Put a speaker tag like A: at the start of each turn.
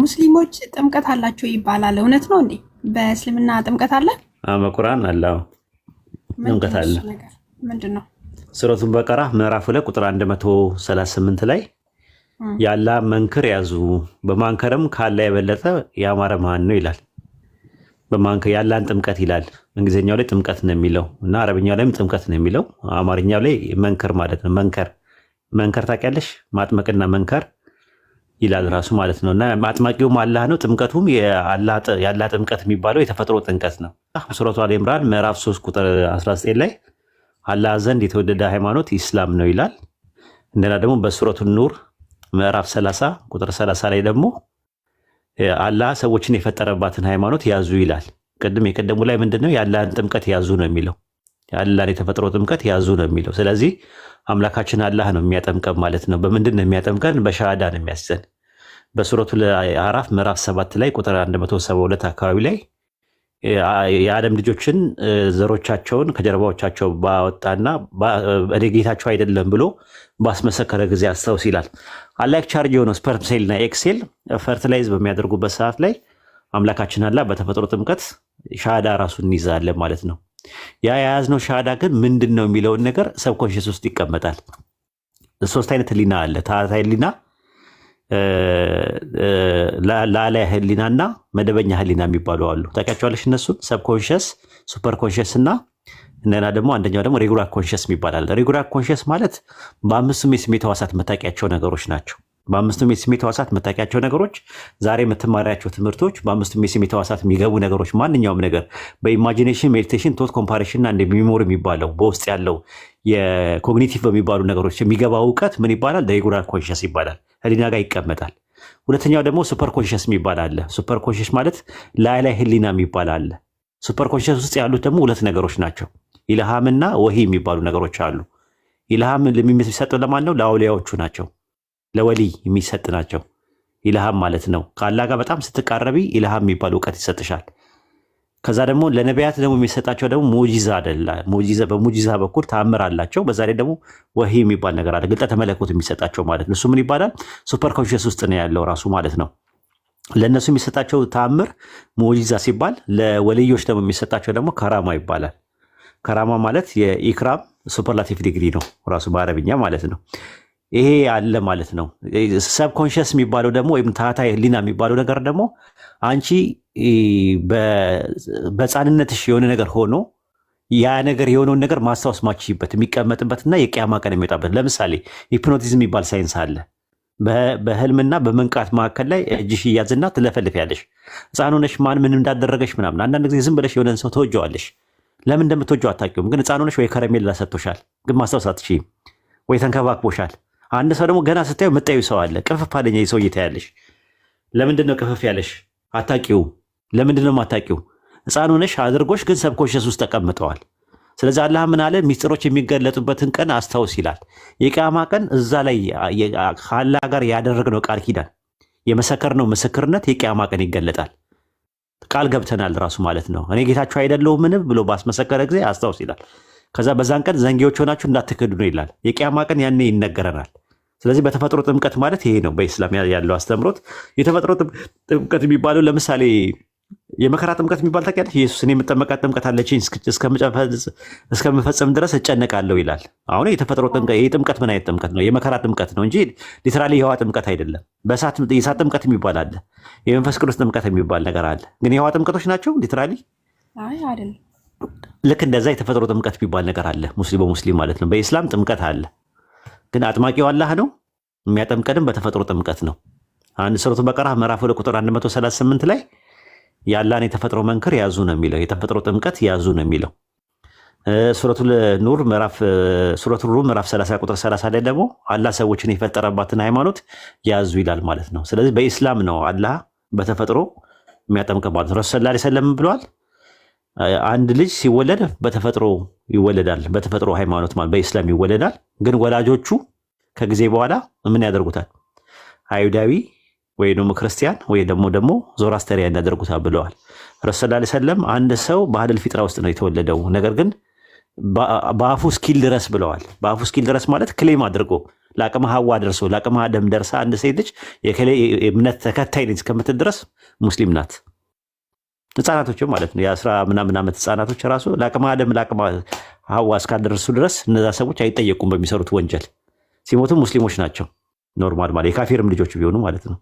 A: ሙስሊሞች ጥምቀት አላቸው ይባላል። እውነት ነው እንዴ? በእስልምና ጥምቀት አለ?
B: በቁርአን አለ። ጥምቀት አለ። ምንድን ነው? ሱረቱን በቀራ ምዕራፍ ሁለት ቁጥር 138 ላይ ያላ መንክር ያዙ በማንከርም ካላ የበለጠ የአማረ ማን ነው ይላል። በማንከር ያላን ጥምቀት ይላል። እንግሊዝኛው ላይ ጥምቀት ነው የሚለው እና አረብኛው ላይም ጥምቀት ነው የሚለው። አማርኛው ላይ መንከር ማለት ነው። መንከር መንከር ታውቂያለሽ? ማጥመቅና መንከር ይላል ራሱ ማለት ነው። እና አጥማቂውም አላህ ነው። ጥምቀቱም የአላህ ጥምቀት የሚባለው የተፈጥሮ ጥምቀት ነው። ሱረቱ አል ኢምራን ምዕራፍ 3 ቁጥር 19 ላይ አላህ ዘንድ የተወደደ ሃይማኖት ኢስላም ነው ይላል። እንደና ደግሞ በሱረቱ ኑር ምዕራፍ 30 ቁጥር 30 ላይ ደግሞ አላህ ሰዎችን የፈጠረባትን ሃይማኖት ያዙ ይላል። ቅድም የቀደሙ ላይ ምንድነው የአላህን ጥምቀት ያዙ ነው የሚለው የአላህን የተፈጥሮ ጥምቀት ያዙ ነው የሚለው። ስለዚህ አምላካችን አላህ ነው የሚያጠምቀን ማለት ነው። በምንድን ነው የሚያጠምቀን? በሻሃዳ ነው የሚያስዘን። በሱረቱ አራፍ ምዕራፍ ሰባት ላይ ቁጥር 172 አካባቢ ላይ የአደም ልጆችን ዘሮቻቸውን ከጀርባዎቻቸው ባወጣና እኔ ጌታቸው አይደለም ብሎ ባስመሰከረ ጊዜ አስታውስ ይላል። አላይክ ቻርጅ የሆነው ስፐርም ሴልና ኤክሴል ፈርትላይዝ በሚያደርጉበት ሰዓት ላይ አምላካችን አላ በተፈጥሮ ጥምቀት ሻዳ ራሱን እንይዛለን ማለት ነው። ያ የያዝነው ሻዳ ግን ምንድን ነው የሚለውን ነገር ሰብኮንሽስ ውስጥ ይቀመጣል። ሶስት አይነት ህሊና አለ። ታታ ህሊና፣ ላላይ ህሊና እና መደበኛ ህሊና የሚባሉ አሉ። ታውቂያቸዋለሽ እነሱን ሰብኮንሽስ፣ ኮንሽስ እና እንደና ደግሞ አንደኛው ደግሞ ሬጉላር ኮንሽስ የሚባል አለ። ሬጉላር ኮንሽስ ማለት በአምስቱም የስሜት ህዋሳት መታቂያቸው ነገሮች ናቸው። በአምስቱም የስሜት ህዋሳት የምታውቂያቸው ነገሮች፣ ዛሬ የምትማሪያቸው ትምህርቶች፣ በአምስቱም የስሜት ህዋሳት የሚገቡ ነገሮች፣ ማንኛውም ነገር በኢማጂኔሽን ሜዲቴሽን፣ ቶት ኮምፓሬሽን እና እንደ ሚሞሪ የሚባለው በውስጥ ያለው የኮግኒቲቭ በሚባሉ ነገሮች የሚገባ እውቀት ምን ይባላል? ሬጉላር ኮንሽስ ይባላል። ህሊና ጋር ይቀመጣል። ሁለተኛው ደግሞ ሱፐር ኮንሽስ የሚባል አለ። ሱፐር ኮንሽስ ማለት ላይ ላይ ህሊና የሚባል አለ። ሱፐር ኮንሽስ ውስጥ ያሉት ደግሞ ሁለት ነገሮች ናቸው። ኢልሃምና ወሂ የሚባሉ ነገሮች አሉ። ኢልሃም የሚሰጠው ለማን ነው? ለአውሊያዎቹ ናቸው። ለወልይ የሚሰጥ ናቸው። ኢልሃም ማለት ነው። ከአላህ ጋር በጣም ስትቃረቢ ኢልሃም የሚባል እውቀት ይሰጥሻል። ከዛ ደግሞ ለነቢያት ደግሞ የሚሰጣቸው ደግሞ ሙጂዛ አደላ በሙጂዛ በኩል ተአምር አላቸው። በዛ ላይ ደግሞ ወሂ የሚባል ነገር አለ። ግልጠተ መለኮት የሚሰጣቸው ማለት ነው። እሱ ምን ይባላል? ሱፐር ኮንሽስ ውስጥ ነው ያለው ራሱ ማለት ነው። ለእነሱ የሚሰጣቸው ተአምር ሙጂዛ ሲባል፣ ለወልዮች ደግሞ የሚሰጣቸው ደግሞ ከራማ ይባላል። ከራማ ማለት የኢክራም ሱፐርላቲቭ ዲግሪ ነው ራሱ በአረብኛ ማለት ነው። ይሄ አለ ማለት ነው። ሰብኮንሽስ የሚባለው ደግሞ ወይም ታህታይ ህሊና የሚባለው ነገር ደግሞ አንቺ በህፃንነትሽ የሆነ ነገር ሆኖ ያ ነገር የሆነውን ነገር ማስታወስ ማችበት የሚቀመጥበትና የቅያማ ቀን የሚወጣበት ለምሳሌ ሂፕኖቲዝም የሚባል ሳይንስ አለ። በህልምና በመንቃት መካከል ላይ እጅሽ እያዝና ትለፈልፊያለሽ። ህፃን ሆነሽ ማን ምን እንዳደረገሽ ምናምን። አንዳንድ ጊዜ ዝም ብለሽ የሆነን ሰው ተወጀዋለሽ። ለምን እንደምትወጀው አታውቂውም፣ ግን ህፃን ሆነሽ ወይ ከረሜላ ሰጥቶሻል፣ ግን ማስታወስ አትችይም፣ ወይ ተንከባክቦሻል አንድ ሰው ደግሞ ገና ስታዩ መጣዩ ሰው አለ። ቅፍፍ አለኛ ሰው እየታያለሽ። ለምንድን ነው ቅፍፍ ያለሽ? አታቂው ለምንድን ነው ማታቂው? ሕፃን ሆነሽ አድርጎሽ ግን ሰብኮንሽስ ውስጥ ተቀምጠዋል። ስለዚህ አላህ ምን አለ? ሚስጥሮች የሚገለጡበትን ቀን አስታውስ ይላል። የቅያማ ቀን እዛ ላይ ከአላህ ጋር ያደረግነው ቃል ኪዳን ነው ምስክርነት የቅያማ ቀን ይገለጣል። ቃል ገብተናል ራሱ ማለት ነው። እኔ ጌታችሁ አይደለሁምን ብሎ ባስመሰከረ ጊዜ አስታውስ ይላል። ከዛ በዛን ቀን ዘንጌዎች ሆናችሁ እንዳትክዱ ነው ይላል። የቅያማ ቀን ያኔ ይነገረናል። ስለዚህ በተፈጥሮ ጥምቀት ማለት ይሄ ነው በኢስላም ያለው አስተምሮት። የተፈጥሮ ጥምቀት የሚባለው ለምሳሌ የመከራ ጥምቀት የሚባል ታውቂያለሽ? ኢየሱስ እኔ የምጠመቃ ጥምቀት አለችኝ እስከምፈጽም ድረስ እጨነቃለሁ ይላል። አሁን የተፈጥሮ ጥምቀት ምን አይነት ጥምቀት ነው? የመከራ ጥምቀት ነው እንጂ ሊትራሊ የውሃ ጥምቀት አይደለም። የእሳት ጥምቀት የሚባል አለ፣ የመንፈስ ቅዱስ ጥምቀት የሚባል ነገር አለ። ግን የውሃ ጥምቀቶች ናቸው ሊትራሊ ልክ እንደዛ የተፈጥሮ ጥምቀት የሚባል ነገር አለ። ሙስሊም በሙስሊም ማለት ነው። በኢስላም ጥምቀት አለ። ግን አጥማቂው አላህ ነው። የሚያጠምቀንም በተፈጥሮ ጥምቀት ነው። አንድ ሱረቱ በቀራ ምዕራፍ ወደ ቁጥር 138 ላይ የአላህን የተፈጥሮ መንክር ያዙ ነው የሚለው የተፈጥሮ ጥምቀት ያዙ ነው የሚለው። ሱረቱ ኑር ምዕራፍ ሱረቱ ሩም ምዕራፍ 30 ቁጥር 30 ላይ ደግሞ አላህ ሰዎችን የፈጠረባትን ሃይማኖት ያዙ ይላል ማለት ነው። ስለዚህ በኢስላም ነው አላህ በተፈጥሮ የሚያጠምቅ ማለት ነው። ረሱ ሰለላሁ ዐለይሂ ወሰለም ብለዋል አንድ ልጅ ሲወለድ በተፈጥሮ ይወለዳል። በተፈጥሮ ሃይማኖት ማለት በኢስላም ይወለዳል። ግን ወላጆቹ ከጊዜ በኋላ ምን ያደርጉታል? አይሁዳዊ ወይ ደግሞ ክርስቲያን ወይ ደግሞ ደግሞ ዞራስተሪያን ያደርጉታል ብለዋል። ረሱል ላ ሰለም አንድ ሰው በአደል ፊጥራ ውስጥ ነው የተወለደው፣ ነገር ግን በአፉ እስኪል ድረስ ብለዋል። በአፉ እስኪል ድረስ ማለት ክሌም አድርጎ ለአቅመ ሀዋ ደርሶ ለአቅመ አደም ደርሳ አንድ ሴት ልጅ የእምነት ተከታይ ነኝ እስከምትል ድረስ ሙስሊም ናት። ህጻናቶች ማለት ነው የአስራ ምናምን ዓመት ህጻናቶች ራሱ ለአቅመ አደም ለአቅመ ሀዋ እስካደረሱ ድረስ እነዛ ሰዎች አይጠየቁም በሚሰሩት ወንጀል። ሲሞቱም ሙስሊሞች ናቸው። ኖርማል ማለት የካፊርም ልጆች ቢሆኑ ማለት ነው።